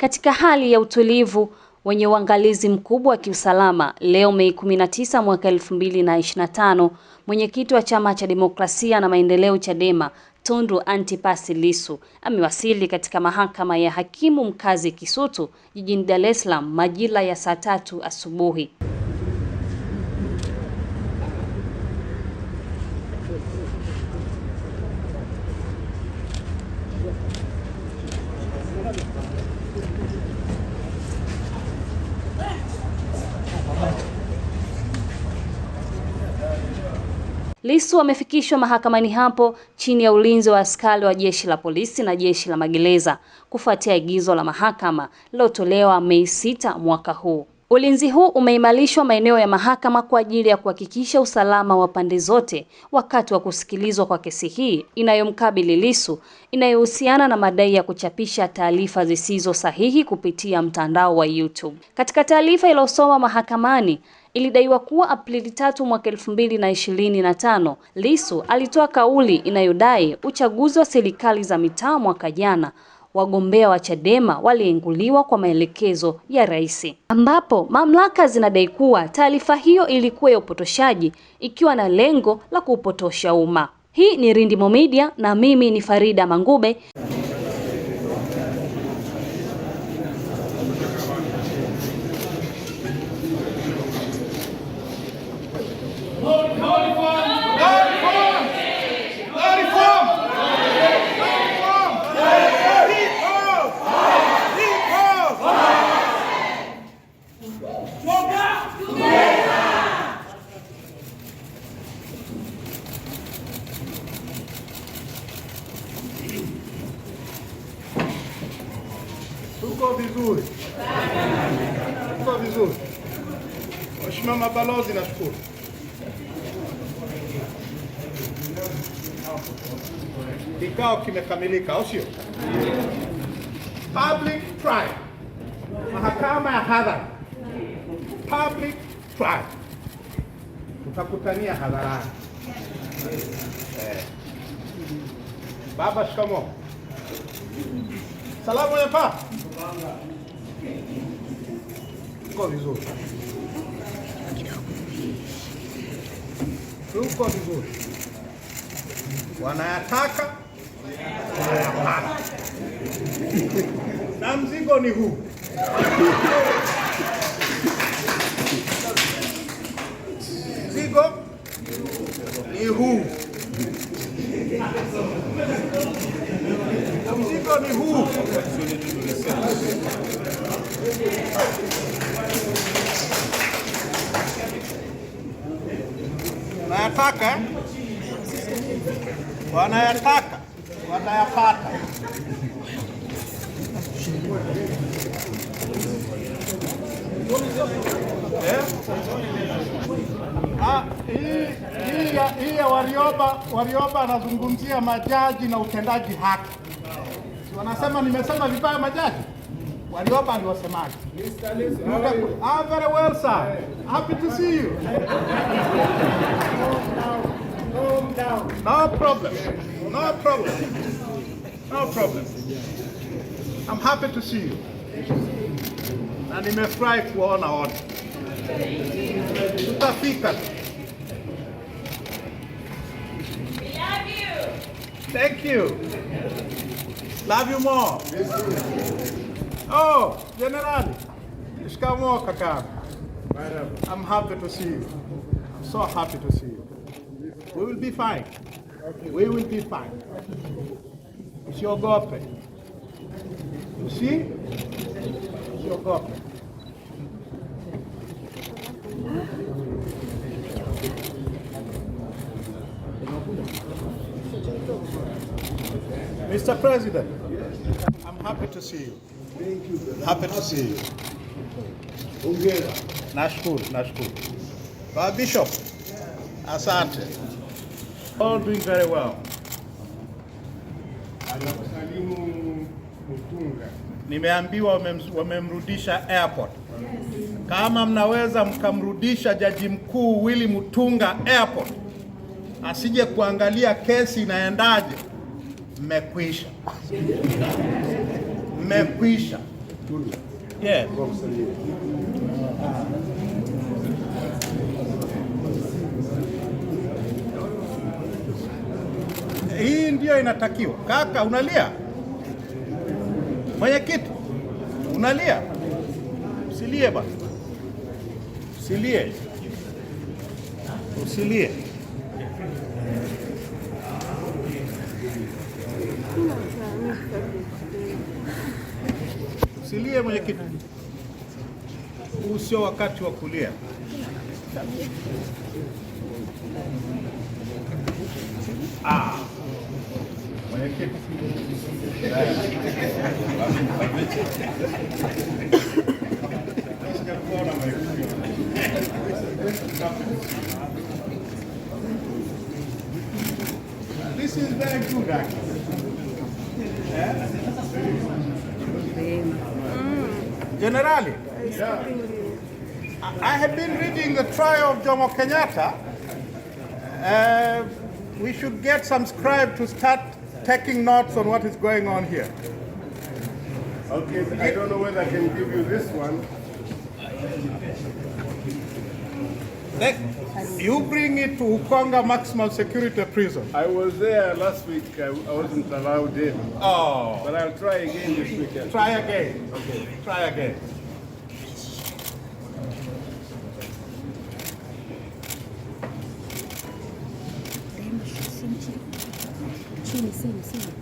katika hali ya utulivu wenye uangalizi mkubwa wa kiusalama. Leo Mei 19 mwaka 2025, mwenyekiti wa Chama cha Demokrasia na Maendeleo Chadema Tundu Antipas Lissu amewasili katika mahakama ya hakimu mkazi Kisutu jijini Dar es Salaam majira ya saa tatu asubuhi. Lissu amefikishwa mahakamani hapo chini ya ulinzi wa askari wa jeshi la polisi na jeshi la magereza kufuatia agizo la mahakama lilotolewa Mei sita mwaka huu. Ulinzi huu umeimarishwa maeneo ya mahakama kwa ajili ya kuhakikisha usalama wa pande zote wakati wa kusikilizwa kwa kesi hii inayomkabili Lissu inayohusiana na madai ya kuchapisha taarifa zisizo sahihi kupitia mtandao wa YouTube. Katika taarifa iliyosoma mahakamani, ilidaiwa kuwa Aprili tatu mwaka elfu mbili na ishirini na tano Lissu alitoa kauli inayodai uchaguzi wa serikali za mitaa mwaka jana wagombea wa Chadema walienguliwa kwa maelekezo ya rais, ambapo mamlaka zinadai kuwa taarifa hiyo ilikuwa ya upotoshaji ikiwa na lengo la kuupotosha umma. Hii ni Rindimo Media na mimi ni Farida Mangube. Tuko vizuri, tuko vizuri. Mheshimiwa mabalozi, nashukuru. Kikao kimekamilika, au sio? Public trial, mahakama ya hadhara. Public trial, tutakutania hadharani. Eh. Baba, shikamoo. Salamu ya papa Uko vizuri, uko vizuri. Wanayataka wanayapata, na mzigo ni huu wanayataka wanayataka watayapata. Eh? Ah, hii ya Warioba, Warioba anazungumzia majaji na utendaji haki, wanasema nimesema vibaya majaji Waliopa aliwasemaje? I'm ah, very well sir. Happy to see you. No problem. No problem. No problem. I'm happy to see you. Na nimefurahi kuona wote. Tutafika. Thank you. Love you more. Oh, General, shikamoo kaka. I'm happy to see you. I'm so happy to see you. We will be fine. We will be fine. It's your girlfriend. You see? your girlfriend. Mr. President, I'm happy to see you. Happy to see you. Hongera. Nashukuru, nashukuru. Bishop, asante. All doing very well. Anakusalimu Mutunga. Nimeambiwa wamemrudisha airport. Kama mnaweza mkamrudisha Jaji Mkuu Willy Mutunga airport asije kuangalia kesi inaendaje, mmekwisha mmekwisha. Yeah. Hii ndiyo inatakiwa. Kaka, unalia mwenyekiti, unalia? Usilie basi, usilie, usilie. Silie mwenyekiti, huu sio wakati wa kulia. Ah, mwenyekiti This is very good actually. Yeah. Mm. Generali, I have been reading the trial of Jomo Kenyatta. Uh, we should get some scribe to start taking notes on what is going on here. Okay, I don't know whether I can give you this one. That, you bring it to Ukonga Maximum Security Prison. I was there last week. I, I wasn't allowed in. Oh. But I'll try again this weekend. Try again. Okay. Try again. Same, same, same.